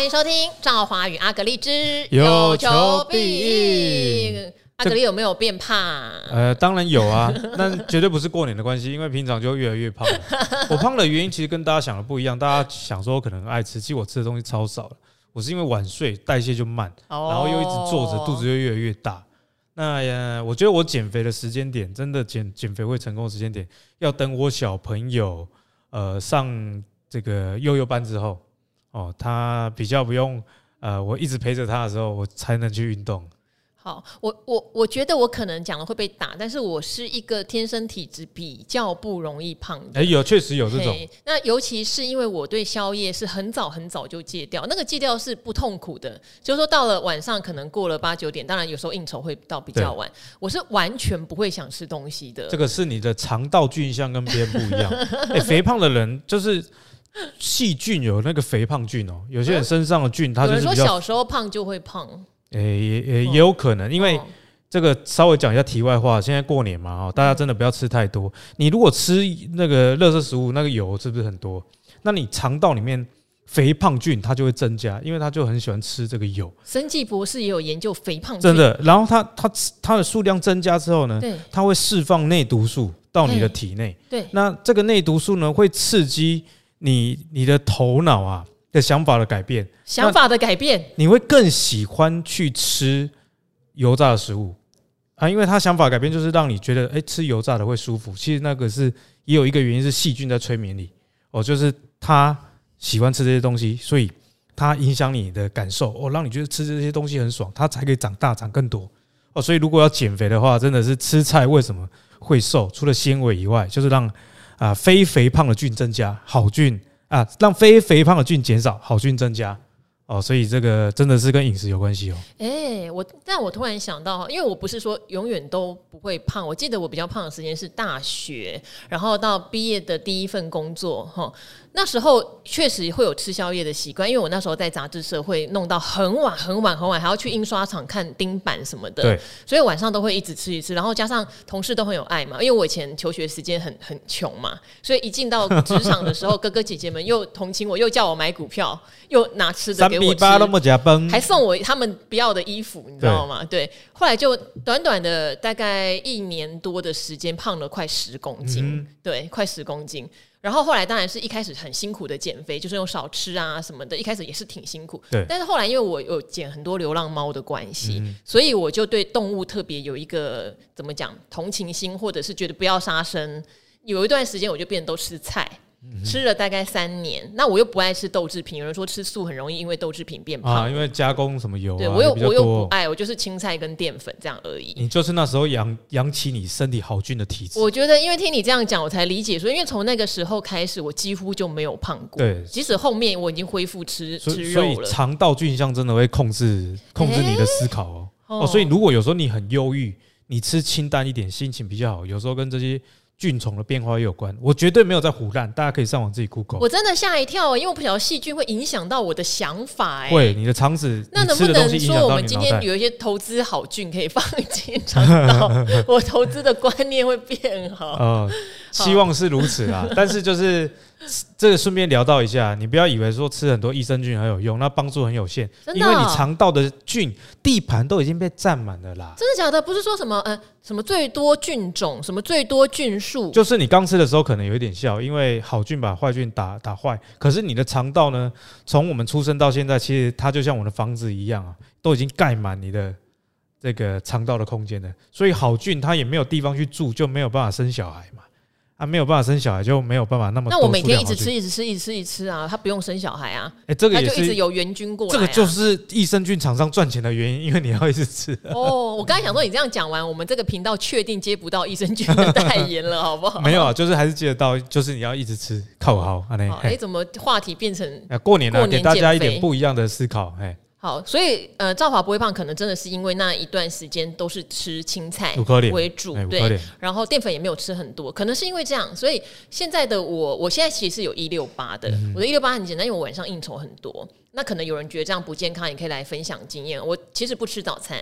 歡迎收聽趙華與阿格力之有求必應。阿格力有沒有變胖？呃，當然有啊，那 絕對不是過年的關係，因為平常就越來越胖。 我胖的原因其實跟大家想的不一樣，大家想說我可能愛吃，其實我吃的東西超少了。我是因為晚睡，代謝就慢，然後又一直坐着，哦、肚子又越來越大。那呀我覺得我減肥的時間點，真的減減肥會成功的時間點，要等我小朋友呃上這個幼幼班之後。哦，他比較不用，呃，我一直陪着他的時候，我才能去運動。好，我我我覺得我可能講了會被打，但是我是一個天生體質比較不容易胖的。哎、欸，有確實有這種。那尤其是因為我對宵夜是很早很早就戒掉，那個戒掉是不痛苦的。就是說到了晚上可能過了八九點，當然有時候應酬會到比較晚，我是完全不會想吃東西的。這個是你的腸道菌相跟別人不一樣。哎、 欸，肥胖的人就是。細菌有那個肥胖菌哦、喔，有些人身上的菌，他可能說小時候胖就會胖，誒也也也有可能。因為這個稍微講一下題外話，現在過年嘛，大家真的不要吃太多。你如果吃那個垃圾食物，那個油是不是很多？那你腸道裡面肥胖菌它就會增加，因為它就很喜歡吃這個油。生技博士也有研究肥胖，真的。然後它它它的數量增加之後呢，它會釋放內毒素到你的體內。對，那這個內毒素呢會刺激你你的頭腦啊的想法的改變，想法的改變，你會更喜歡去吃油炸的食物啊，因為他想法改變就是讓你覺得，哎、欸，吃油炸的會舒服。其實那個是也有一個原因是細菌在催眠你哦，就是他喜歡吃這些東西，所以他影響你的感受哦，讓你覺得吃這些東西很爽，它才可以長大長更多哦。所以如果要減肥的話，真的是吃菜為什麼會瘦？除了纖維以外，就是讓。啊，非肥胖的菌增加，好菌啊，讓非肥胖的菌減少，好菌增加。哦，所以這個真的是跟飲食有關係哦。哎、欸，我但我突然想到，因為我不是說永遠都不會胖。我記得我比較胖的時間是大學，然後到畢業的第一份工作，齁，那時候確實會有吃宵夜的習慣，因為我那時候在雜誌社會弄到很晚很晚很晚，還要去印刷廠看釘板什麼的。對，所以晚上都會一直吃一吃。然後加上同事都很有愛嘛，因為我以前求學時間很很窮嘛，所以一進到職場的時候， 哥哥姐姐們又同情我，又叫我買股票，又拿吃的給。米八都沒加崩，還送我他們不要的衣服，你知道嗎？對，對後來就短短的大概一年多的時間，胖了快十公斤，嗯，對，快十公斤。然後後來當然是一開始很辛苦的減肥，就是用少吃啊什麼的，一開始也是挺辛苦。對，但是後來因為我有撿很多流浪貓的關係，嗯，所以我就對動物特別有一個怎麼講同情心，或者是覺得不要殺生。有一段時間我就變得都吃菜。嗯、吃了大概三年，那我又不愛吃豆製品。有人說吃素很容易因為豆製品變胖、啊，因為加工什麼油、啊，對我又我又不愛，我就是青菜跟澱粉這樣而已。你就是那時候養養起你身體好菌的體質。我覺得，因為聽你這樣講，我才理解說，因為從那個時候開始，我幾乎就沒有胖過。即使後面我已經恢復吃吃肉，所以腸道菌相真的會控制控制你的思考哦、欸、哦，哦，所以如果有時候你很憂鬱，你吃清淡一點，心情比較好。有時候跟這些。菌蟲的變化也有關，我絕對沒有在唬爛，大家可以上網自己 Google。我真的嚇一跳、欸，因為我不曉得細菌會影響到我的想法、欸。會，你的腸子那能不能說我們今天有一些投資好菌可以放進腸道？我投資的觀念會變好， 哦、希望是如此啊。但是就是。這個順便聊到一下，你不要以為說吃很多益生菌很有用，那幫助很有限，哦、因為你腸道的菌地盤都已經被佔滿了啦。真的假的？不是說什麼嗯、呃、什麼最多菌種，什麼最多菌數？就是你剛吃的時候可能有一點效，因為好菌把壞菌打打壞。可是你的腸道呢？從我們出生到現在，其實它就像我們的房子一樣啊，都已經蓋滿你的這個腸道的空間了。所以好菌它也沒有地方去住，就沒有辦法生小孩嘛。他、啊、沒有辦法生小孩，就沒有辦法那麼多。那我每天一直吃，一直吃，一直吃，一直吃啊！他不用生小孩啊！哎、欸，這個他就一直有援軍過來、啊。這個就是益生菌廠商賺錢的原因，因為你要一直吃。哦，我剛才想說，你這樣講完，我們這個頻道確定接不到益生菌的代言了， 好不好？沒有啊，就是還是接得到，就是你要一直吃，靠，好哎，怎麼話題變成？啊、過年了、啊啊，給大家一點不一樣的思考，哎。好，所以呃，造化不會胖，可能真的是因為那一段時間都是吃青菜為主，欸，對，然後澱粉也沒有吃很多，可能是因為這樣。所以現在的我，我現在其實是有一六八的，嗯嗯，我的一六八很簡單，因為我晚上應酬很多。那可能有人覺得這樣不健康，也可以來分享經驗。我其實不吃早餐。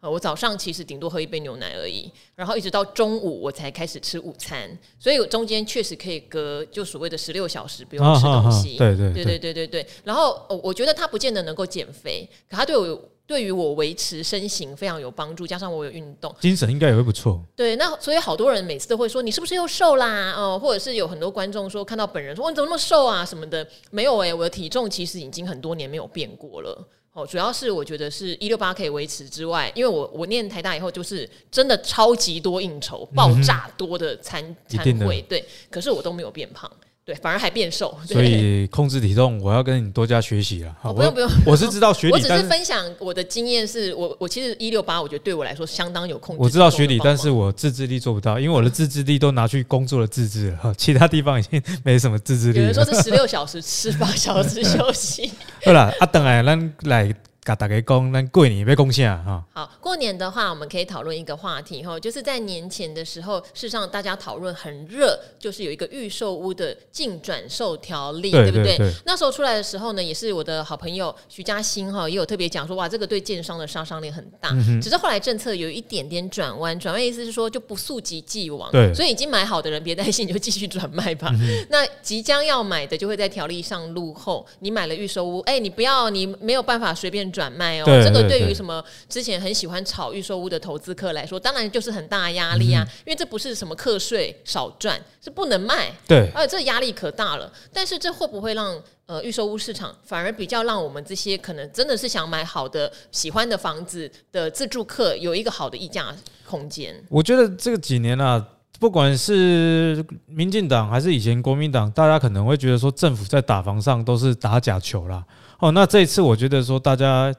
哦、我早上其實頂多喝一杯牛奶而已，然後一直到中午我才開始吃午餐，所以我中間確實可以隔，就所謂的十六小時不用吃東西，哦、哈哈對對對對對對，對，對，對然後、哦、我覺得它不見得能夠減肥，可它對我對於我維持身形非常有幫助，加上我有運動，精神應該也會不錯。對，那所以好多人每次都會說，你是不是又瘦啦？哦，或者是有很多觀眾說看到本人說、哦、你怎麼那麼瘦啊什麼的？沒有哎、欸，我的體重其實已經很多年沒有變過了。哦，主要是我覺得是一六八可以維持之外，因為我我念台大以後，就是真的超級多應酬，嗯、爆炸多的餐餐會，對，可是我都沒有變胖。對，反而還變瘦，所以控制體重，我要跟你多加學習了。好，哦、我不用不用，我是知道學理，我只是分享我的經驗，是我我其實一六八，我覺得對我來說相當有控制。我知道學理，但是我自制力做不到，因為我的自制力都拿去工作的自制了，其他地方已經沒什麼自制力。比如說是十六小時吃八 小時休息，對 了，阿、啊、等來咱來。跟大家講，咱過年有咩貢獻啊？哈、哦，好，過年的話，我們可以討論一個話題哈，就是在年前的時候，事實上大家討論很熱，就是有一個預售屋的禁轉售條例，對,對不對,對,對,對？那時候出來的時候呢，也是我的好朋友徐嘉欣哈，也有特別講說，哇，這個對建商的殺傷力很大。嗯，只是後來政策有一點點轉彎，轉彎意思是說就不溯及既往，對，所以已經買好的人別擔心，你就繼續轉賣吧。嗯、那即將要買的就會在條例上路後，你買了預售屋，哎、欸，你不要，你沒有辦法隨便。轉賣哦，這個對於什麼之前很喜歡炒預售屋的投資客來說，當然就是很大的壓力啊，嗯、因為這不是什麼課稅少賺，是不能賣。對,對、呃，而且這壓力可大了。但是這會不會讓呃預售屋市場反而比較讓我們這些可能真的是想買好的、喜歡的房子的自住客有一個好的議價空間？我覺得這個幾年啊。不管是民進黨還是以前國民黨，大家可能會覺得說政府在打房上都是打假球啦。哦,那這一次我覺得說大家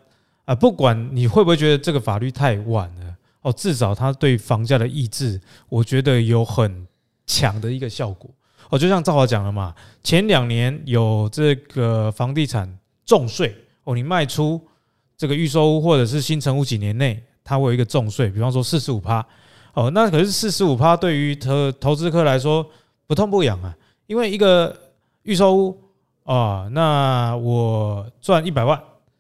啊，不管你會不會覺得這個法律太晚了哦，至少它對房價的抑制，我覺得有很強的一個效果。哦，就像趙華講了嘛，前兩年有這個房地產重稅哦，你賣出這個預售屋或者是新成屋幾年內，它會有一個重稅，比方說四十五趴。哦，那可是四十五趴，對於投投資客來說不痛不癢啊。因為一個預售屋啊、哦，那我賺一百萬，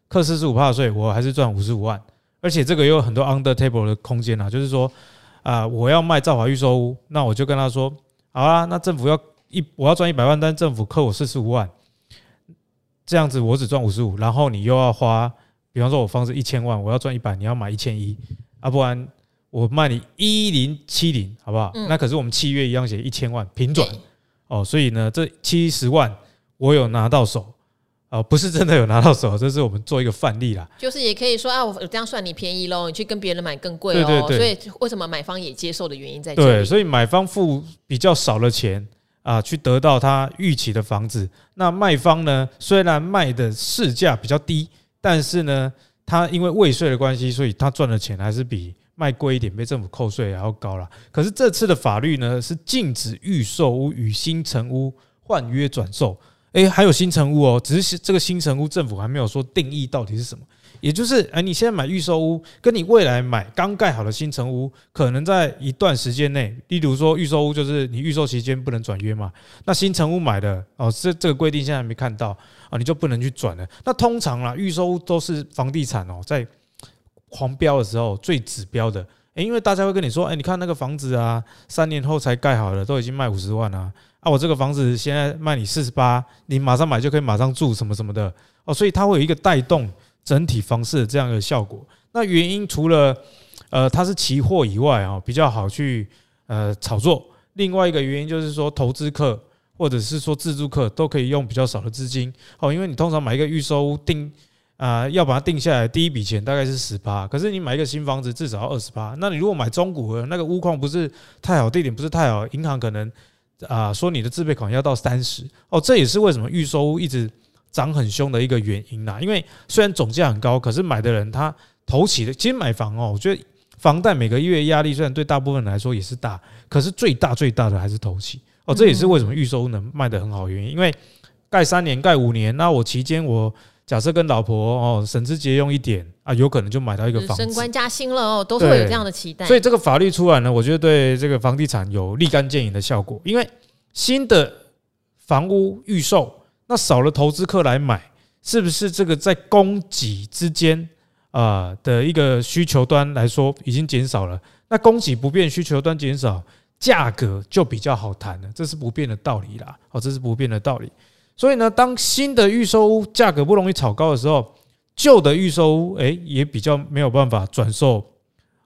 扣四十五趴的稅，我還是賺五十五萬。而且這個有很多 under table 的空間啊，就是說啊、呃，我要賣兆華預售屋，那我就跟他說，好啦，那政府要一我要賺一百萬，但政府扣我四十五萬，這樣子我只賺五十五。然後你又要花，比方說我房子一千萬，我要賺一百，你要買一千一，啊，不然。我賣你一零七零，好不好？嗯，那可是我們契約一樣寫一千萬平轉哦，所以呢，這七十萬我有拿到手哦，不是真的有拿到手，這是我們做一個範例啦。就是也可以說啊，我這樣算你便宜嘍，你去跟別人買更貴哦，對對對。所以為什麼買方也接受的原因在這裡？對，所以買方付比較少的錢啊，去得到他預期的房子。那賣方呢，雖然賣的市價比較低，但是呢，他因為未稅的關係，所以他賺的錢還是比。賣貴一點，被政府扣稅也要高了。可是這次的法律呢，是禁止預售屋與新成屋換約轉售。誒，還有新成屋哦、喔，只是這個新成屋政府還沒有說定義到底是什麼。也就是，誒，你現在買預售屋，跟你未來買剛蓋好的新成屋，可能在一段時間內，例如說預售屋就是你預售期間不能轉約嘛。那新成屋買的哦，這這個規定現在還沒看到啊，你就不能去轉了。那通常啦，預售屋都是房地產哦，在。狂飆的時候最指標的、欸，因為大家會跟你說，誒、欸，你看那個房子啊，三年後才蓋好了，都已經賣五十萬了、啊，啊，我這個房子現在賣你四十八，你馬上買就可以馬上住，什麼什麼的，哦，所以它會有一個帶動整體房市這樣的效果。那原因除了，呃，它是期貨以外啊、哦，比較好去呃炒作，另外一個原因就是說，投資客或者是說自住客都可以用比較少的資金，哦，因為你通常買一個預售屋定。啊、呃，要把它定下來，第一筆錢大概是十八，可是你買一個新房子至少要二十八。那你如果買中古的，那個屋況不是太好，地點不是太好，銀行可能啊、呃、說你的自備款要到三十哦。這也是為什麼預售屋一直漲很凶的一個原因呢、啊、因為雖然總價很高，可是買的人他頭期的，其實買房哦，我覺得房貸每個月壓力雖然對大部分人來說也是大，可是最大最大的還是頭期哦。這也是為什麼預售屋能賣得很好原因，因為蓋三年、蓋五年，那我期間我。假設跟老婆哦，省吃儉用一點啊，有可能就買到一個房子。升官加薪了哦，都會有這樣的期待。所以這個法律出來呢，我覺得對這個房地產有立竿見影的效果。因為新的房屋預售，那少了投資客來買，是不是這個在供給之間啊的一個需求端來說已經減少了？那供給不變，需求端減少，價格就比較好談了。這是不變的道理啦。哦，這是不變的道理。所以呢，當新的預售屋價格不容易炒高的時候，舊的預售屋誒、欸、也比較沒有辦法轉售，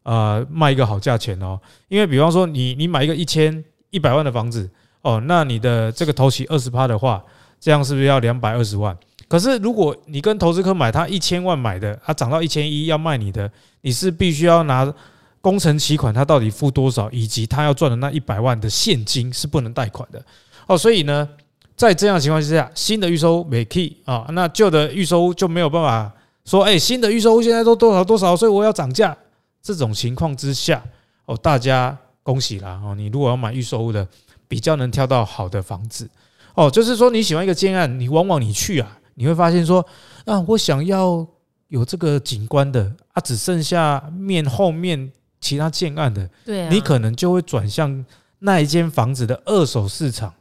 啊、呃，賣一個好價錢哦。因為比方說你你買一個一千一百萬的房子哦，那你的這個頭期二十趴的話，這樣是不是要兩百二十萬？可是如果你跟投資客買，他一千萬買的，他、啊、漲到一千一要賣你的，你是必須要拿工程期款，他到底付多少，以及他要賺的那一百萬的現金是不能貸款的哦。所以呢，在這樣的情況之下，新的預售屋沒 key 啊，那舊的預售屋就沒有辦法說，哎、欸，新的預售屋現在都多少多少，所以我要漲價。這種情況之下，哦，大家恭喜啦哦，你如果要買預售屋的，比較能挑到好的房子哦，就是說你喜歡一個建案，你往往你去啊，你會發現說，啊，我想要有這個景觀的啊，只剩下面後面其他建案的，對、啊，你可能就會轉向那一間房子的二手市場。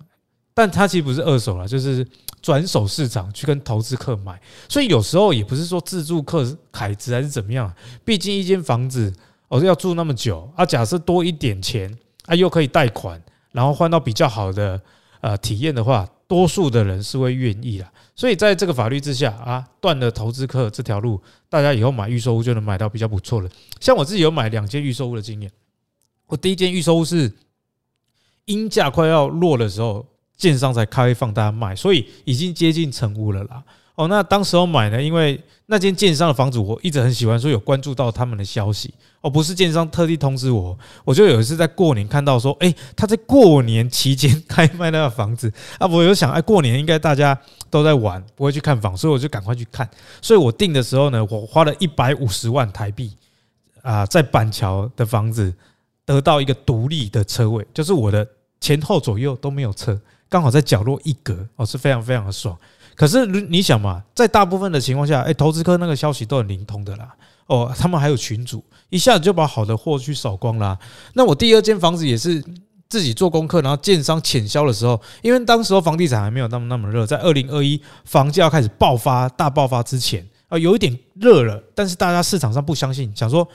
但它其實不是二手了，就是轉手市場去跟投資客買，所以有時候也不是說自住客是凱子還是怎麼樣啊。畢竟一間房子，哦，要住那麼久，啊假設多一點錢，啊又可以貸款，然後換到比較好的呃體驗的話，多數的人是會願意的。所以在這個法律之下啊，斷了投資客這條路，大家以後買預售屋就能買到比較不錯的。像我自己有買兩間預售屋的經驗，我第一間預售屋是陰價快要落的時候。建商才開放大家賣。所以已經接近成屋了啦。哦，那當時候買呢，因為那間建商的房子我一直很喜歡，所以有關注到他們的消息。哦，不是建商特地通知我，我就有一次在過年看到說，誒，他在過年期間開賣那個房子啊，我就想，哎，過年應該大家都在玩，不會去看房，所以我就趕快去看。所以我訂的時候呢，我花了一百五十萬台幣啊，在板橋的房子得到一個獨立的車位，就是我的前後左右都沒有車。剛好在角落一格哦，是非常非常的爽。可是你想嘛，在大部分的情況下，哎，投資客那個消息都很靈通的啦，哦，他們還有群主，一下子就把好的貨去掃光啦。那我第二間房子也是自己做功課，然後建商潛銷的時候，因為當時候房地產還沒有那麼那麼熱，在二零二一房價開始爆發大爆發之前啊，有一點熱了，但是大家市場上不相信，想說。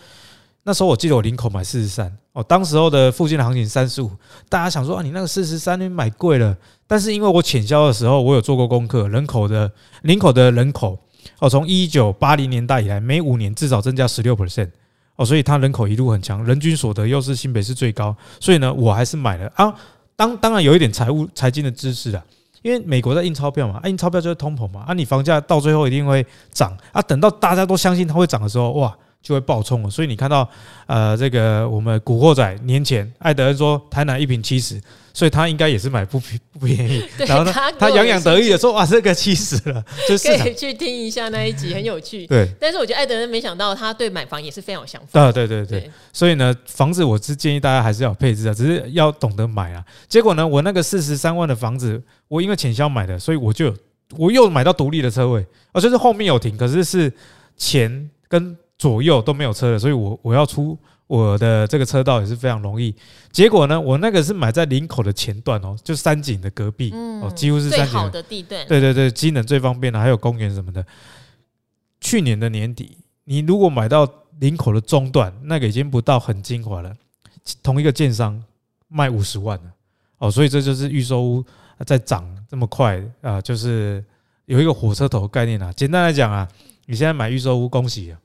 那時候我記得我林口買四十三哦，當時候的附近的行情三十五，大家想說啊，你那個四十三你買貴了。但是因為我潛銷的時候我有做過功課，人口的林口的人口哦，從一九八零年代以來每五年至少增加十六 percent 哦，所以它人口一路很強，人均所得又是新北市最高，所以呢我還是買了啊。當當然有一點財務財經的知識啊，因為美國在印鈔票嘛，啊，印鈔票就是通膨嘛，啊你房價到最後一定會漲啊，等到大家都相信它會漲的時候，哇。就會爆衝了，所以你看到，呃，這個我們古惑仔年前，艾德恩說台南一坪七十，所以他應該也是買不不便宜。然後他他洋洋得意的說：“哇，這個七十了。就”就是可以去聽一下那一集、嗯，很有趣。對，但是我覺得艾德恩沒想到，他對買房也是非常有想法。啊，對對對，對所以呢，房子我是建議大家還是要有配置啊，只是要懂得買啊。結果呢，我那個四十三萬的房子，我因為潛銷買的，所以我就我又買到獨立的車位，而、啊、且、就是後面有停，可是是前跟。左右都沒有車的，所以我我要出我的這個車道也是非常容易。結果呢，我那個是買在林口的前段哦，就三井的隔壁，嗯、哦，幾乎是三井的，最好的地段。對對對，機能最方便的，還有公園什麼的。去年的年底，你如果買到林口的中段，那個已經不到很精華了。同一個建商賣五十萬了哦，所以這就是預售屋在漲這麼快啊、呃，就是有一個火車頭概念啊。簡單來講啊，你現在買預售屋，恭喜啊！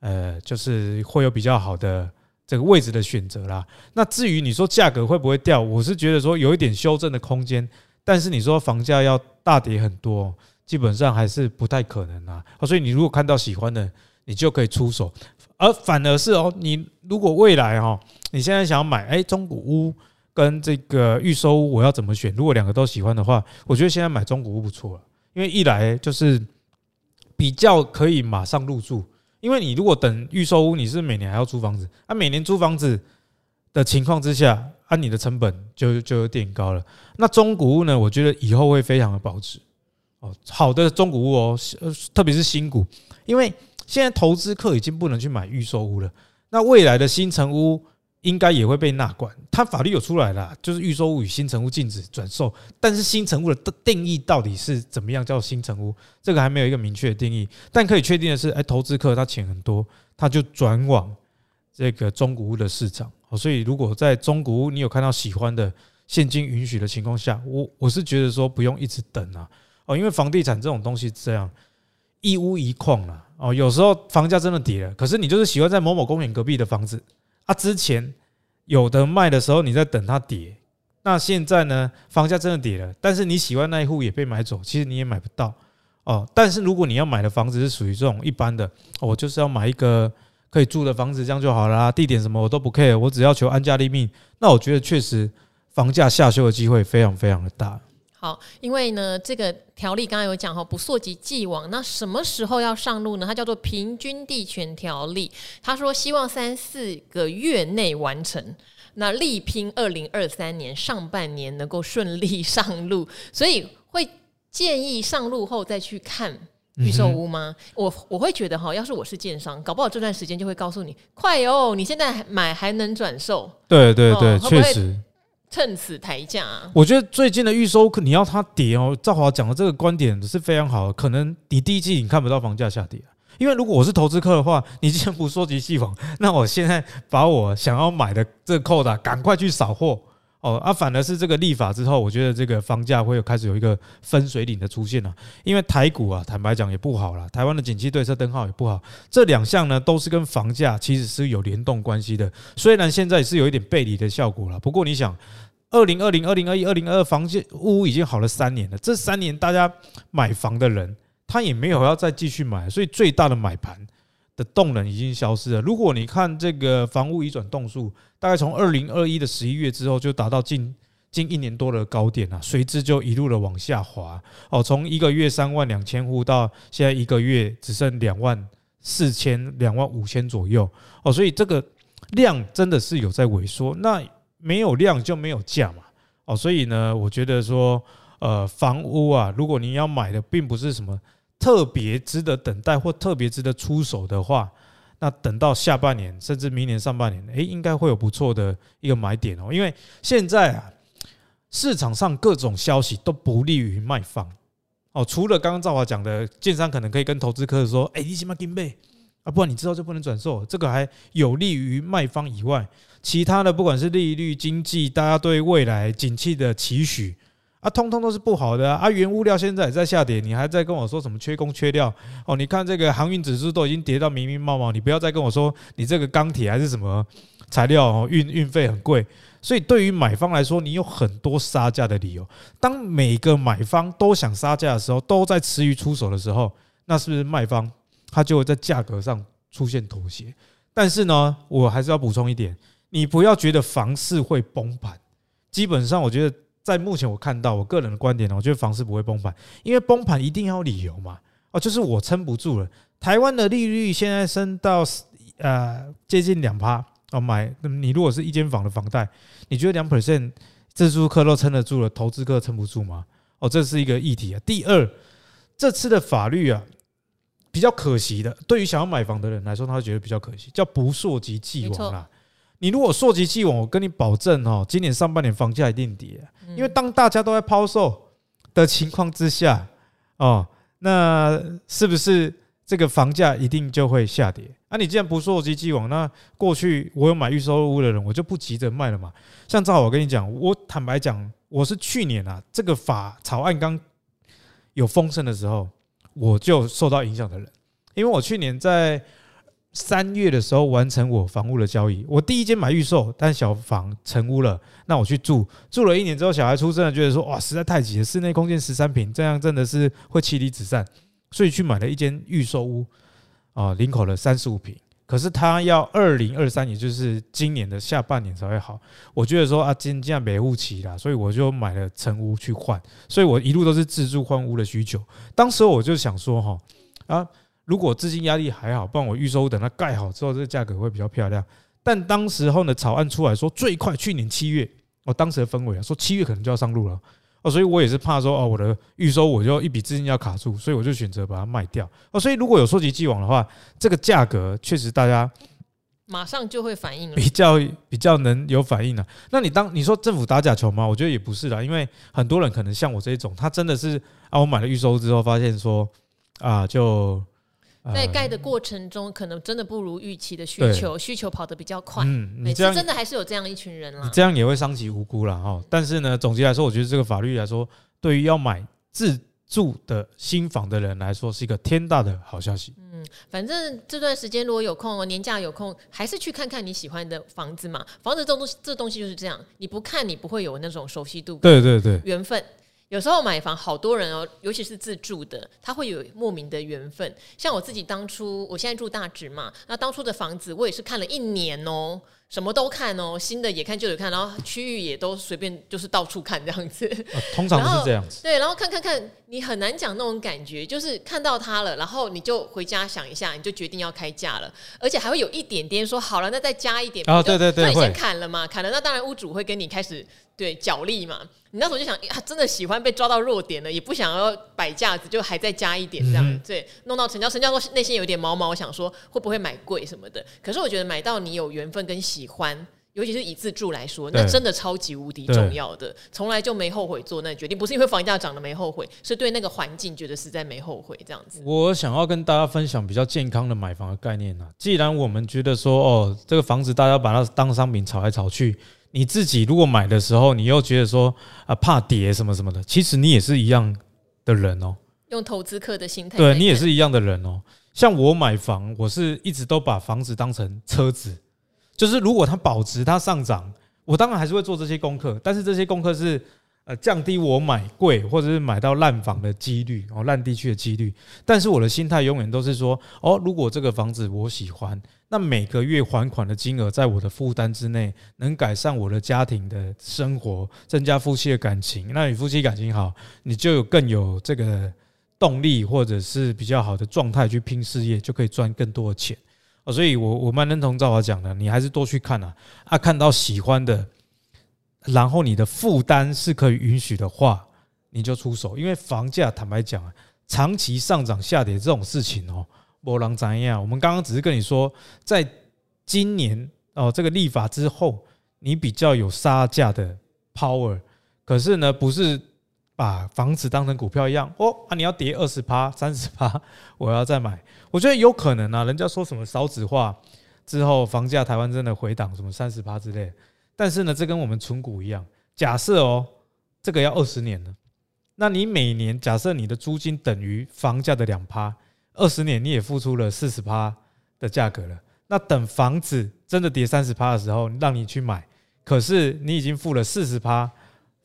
呃，就是會有比較好的這個位置的選擇啦。那至於你說，價格會不會掉，我是覺得說有一點修正的空間，但是你說房價要大跌很多，基本上還是不太可能啦、啊。所以你如果看到喜歡的，你就可以出手。而反而是哦，你如果未來哈，你現在想要買，哎，中古屋跟這個預售屋，我要怎麼選？如果兩個都喜歡的話，我覺得現在買中古屋不錯了，因為一來就是比較可以馬上入住。因為你如果等預售屋，你是每年還要租房子，啊，那每年租房子的情況之下，啊，你的成本就就有點高了。那中古屋呢？我覺得以後會非常的保值哦，好的中古屋哦，特別是新古，因為現在投資客已經不能去買預售屋了，那未來的新成屋。應該也會被納管，它法律有出來了，就是預售屋與新成屋禁止轉售，但是新成屋的定義到底是怎麼樣叫新成屋？這個還沒有一個明確的定義。但可以確定的是，哎，投資客他錢很多，他就轉往這個中古屋的市場。所以如果在中古屋你有看到喜歡的，現金允許的情況下，我我是覺得說不用一直等啊，哦，因為房地產這種東西這樣一屋一況了，哦，有時候房價真的跌了，可是你就是喜歡在某某公園隔壁的房子。啊，之前有的賣的時候你在等它跌，那現在呢，房價真的跌了，但是你喜歡那一戶也被買走，其實你也買不到哦。但是如果你要買的房子是屬於這種一般的，我就是要買一個可以住的房子，這樣就好啦。地點什麼我都不 care，我只要求安家立命。那我覺得確實房價下修的機會非常非常的大。好，因為呢，這個條例剛剛有講哈，不溯及既往。那什麼時候要上路呢？它叫做《平均地權條例》，他說希望三四個月內完成，那力拼二零二三年上半年能夠順利上路。所以會建議上路後再去看預售屋嗎？嗯、我我會覺得哈、哦，要是我是建商，搞不好這段時間就會告訴你，快哦，你現在買還能轉售。對對對，哦、確實。會趁此抬價，我覺得最近的預售你要它跌哦。趙華講的這個觀點是非常好的，可能你第一季你看不到房價下跌，因為如果我是投資客的話，你既然不溯及既往，那我現在把我想要買的這個 code 趕快去掃貨。哦啊，反而是這個立法之後，我覺得這個房價會有開始有一個分水嶺的出現了啊。因為台股啊，坦白講也不好了，台灣的景氣對策燈號也不好。這兩項呢都是跟房價其實是有聯動關係的。雖然現在是有一點背離的效果了，不過你想，二零二零二零二一二零二二房屋已經好了三年了，這三年大家買房的人他也沒有要再繼續買，所以最大的買盤。的動能已經消失了。如果你看這個房屋移轉棟數，大概從二零二一的十一月之後就達到近近一年多的高點了，隨之就一路的往下滑。哦，從一個月三萬兩千戶到現在一個月只剩兩萬四千、兩萬五千左右。哦，所以這個量真的是有在萎縮。那沒有量就沒有價嘛。哦，所以呢，我覺得說，呃，房屋啊，如果你要買的並不是什麼。特別值得等待或特別值得出手的話，那等到下半年甚至明年上半年，哎、欸，應該會有不錯的一個買點哦、喔。因為現在啊，市場上各種消息都不利於賣方哦，除了剛剛趙華講的，建商可能可以跟投資客說，哎、欸，你起碼金貝啊，不然你知道就不能轉售，這個還有利於賣方以外，其他的不管是利率、經濟，大家對未來景氣的期許，啊，通通都是不好的啊！啊原物料現在也在下跌，你還在跟我說什麼缺工缺料哦？你看這個航運指數都已經跌到明明茂茂，你不要再跟我說你這個鋼鐵還是什麼材料哦，運運費很貴，所以對於買方來說，你有很多殺價的理由。當每個買方都想殺價的時候，都在遲疑出手的時候，那是不是賣方他就會在價格上出現妥協？但是呢，我還是要補充一點，你不要覺得房市會崩盤，基本上我覺得。在目前我看到我個人的觀點呢，我覺得房市不會崩盤，因為崩盤一定要理由嘛。哦，就是我撐不住了。台灣的利率現在升到呃接近兩趴哦，買、oh、你如果是一間房的房貸，你覺得兩 percent 自住客都撐得住了，投資客撐不住嗎？哦，這是一個議題啊。第二，這次的法律啊比較可惜的，對於想要買房的人來說，他會覺得比較可惜，叫不溯及既往啦。你如果溯及既往，我跟你保證哦，今年上半年房價一定跌，因為當大家都在拋售的情況之下，哦，那是不是這個房價一定就會下跌？啊，你既然不溯及既往，那過去我有買預售屋的人，我就不急着賣了嘛。像正好我跟你講，我坦白講，我是去年啊，這個法草案剛有風聲的時候，我就受到影響的人，因為我去年在。三月的時候完成我房屋的交易，我第一間買預售，但小房成屋了，那我去住，住了一年之後，小孩出生了，覺得說哇實在太擠了，室內空間十三坪，這樣真的是會妻離子散，所以去買了一間預售屋，啊，林口的三十五坪，可是他要二零二三，也就是今年的下半年才會好，我覺得說啊，今現沒物期了，所以我就買了成屋去換，所以我一路都是自住換屋的需求，當時我就想說哈啊。如果資金壓力還好，不然我預售屋等它蓋好之後，這個價格會比較漂亮。但當時候呢，草案出來說最快去年七月，哦，我當時的氛圍啊，說七月可能就要上路了。哦，所以我也是怕說哦，我的預售屋我就一筆資金要卡住，所以我就選擇把它賣掉。哦，所以如果有溯及既往的話，這個價格確實大家馬上就會反應了，比較比較能有反應了。啊，那你當你說政府打假球嗎？我覺得也不是啦，因為很多人可能像我這一種，他真的是啊，我買了預售屋之後發現說啊就。在蓋的過程中、呃，可能真的不如預期的需求，需求跑得比較快。每、嗯、次真的還是有這樣一群人啦，你這樣也會傷及無辜啦。哈。但是呢，總結來說，我覺得這個法律來說，對於要買自住的新房的人來說，是一個天大的好消息。嗯，反正這段時間如果有空，年假有空，還是去看看你喜歡的房子嘛。房子這東這東西就是這樣，你不看，你不會有那種熟悉度。對對對，對，緣分。有時候買房好多人哦，尤其是自住的，他會有莫名的緣分。像我自己當初，我現在住大直嘛，那當初的房子我也是看了一年哦，什麼都看哦，新的也看，舊的看，然後區域也都隨便就是到處看這樣子。啊、通常是這樣子。對，然後看看看，你很難講那種感覺，就是看到它了，然後你就回家想一下，你就決定要開價了，而且還會有一點點說好了，那再加一點啊，哦、對對對，那你先砍了嘛，砍了，那當然屋主會跟你開始。對角力嘛，你那時候就想，他、啊、真的喜歡被抓到弱點了，也不想要擺架子，就還再加一點這樣子，嗯、對，弄到成交，成交內心有點毛毛，我想說會不會買貴什麼的。可是我覺得買到你有緣分跟喜歡，尤其是以自住來說，那真的超級無敵重要的，從來就沒後悔做那決定，不是因為房價漲了沒後悔，是對那個環境覺得實在沒後悔這樣子。我想要跟大家分享比較健康的買房的概念呢、啊。既然我們覺得說，哦，這個房子大家把它當商品炒來炒去。你自己如果買的時候，你又覺得說啊，怕跌什麼什麼的，其實你也是一樣的人哦。用投資客的心態，對，你也是一樣的人哦、喔。像我買房，我是一直都把房子當成車子，就是如果它保值、它上漲，我當然還是會做這些功課。但是這些功課是呃降低我買貴或者是買到爛房的幾率哦，爛地區的幾率。但是我的心態永遠都是說，哦，如果這個房子我喜歡。那每個月還款的金額在我的負擔之內，能改善我的家庭的生活，增加夫妻的感情。那你夫妻感情好，你就有更有這個動力，或者是比較好的狀態去拼事業，就可以賺更多的錢。哦，所以我我蠻認同兆華講的，你還是多去看啊，啊，看到喜歡的，然後你的負擔是可以允許的話，你就出手。因為房價坦白講啊，長期上漲下跌這種事情哦、喔。沒人知道。我們剛剛只是跟你說，在今年哦，這個立法之後，你比較有殺價的 power。可是呢，不是把房子當成股票一樣哦啊！你要跌二十趴、三十趴，我要再買。我覺得有可能啊。人家說什麼少子化之後房價台灣真的回檔什麼三十趴之類的。但是呢，這跟我們存股一樣。假設哦，這個要二十年了，那你每年假設你的租金等於房價的兩趴。二十年你也付出了四十趴的價格了，那等房子真的跌三十趴的時候，讓你去買，可是你已經付了四十趴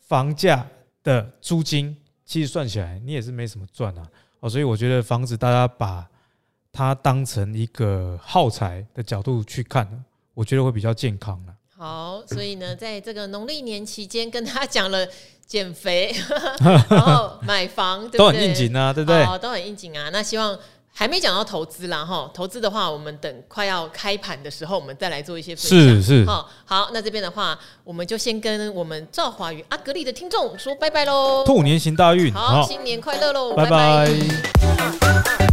房價的租金，其實算起來你也是沒什麼賺啊。哦，所以我覺得房子大家把它當成一個耗材的角度去看呢，我覺得會比較健康了。好，所以呢，在這個農曆年期間，跟他講了減肥， 然後買房都很應景啊，對不對？都很應景啊，對不對？哦，都很應景啊，那希望。還沒講到投資啦，哈！投資的話，我們等快要開盤的時候，我們再來做一些分享。是是，好，那這邊的話，我們就先跟我們趙華與阿格力的聽眾說拜拜嘍。兔年行大運，好，新年快樂嘍，拜拜。拜拜。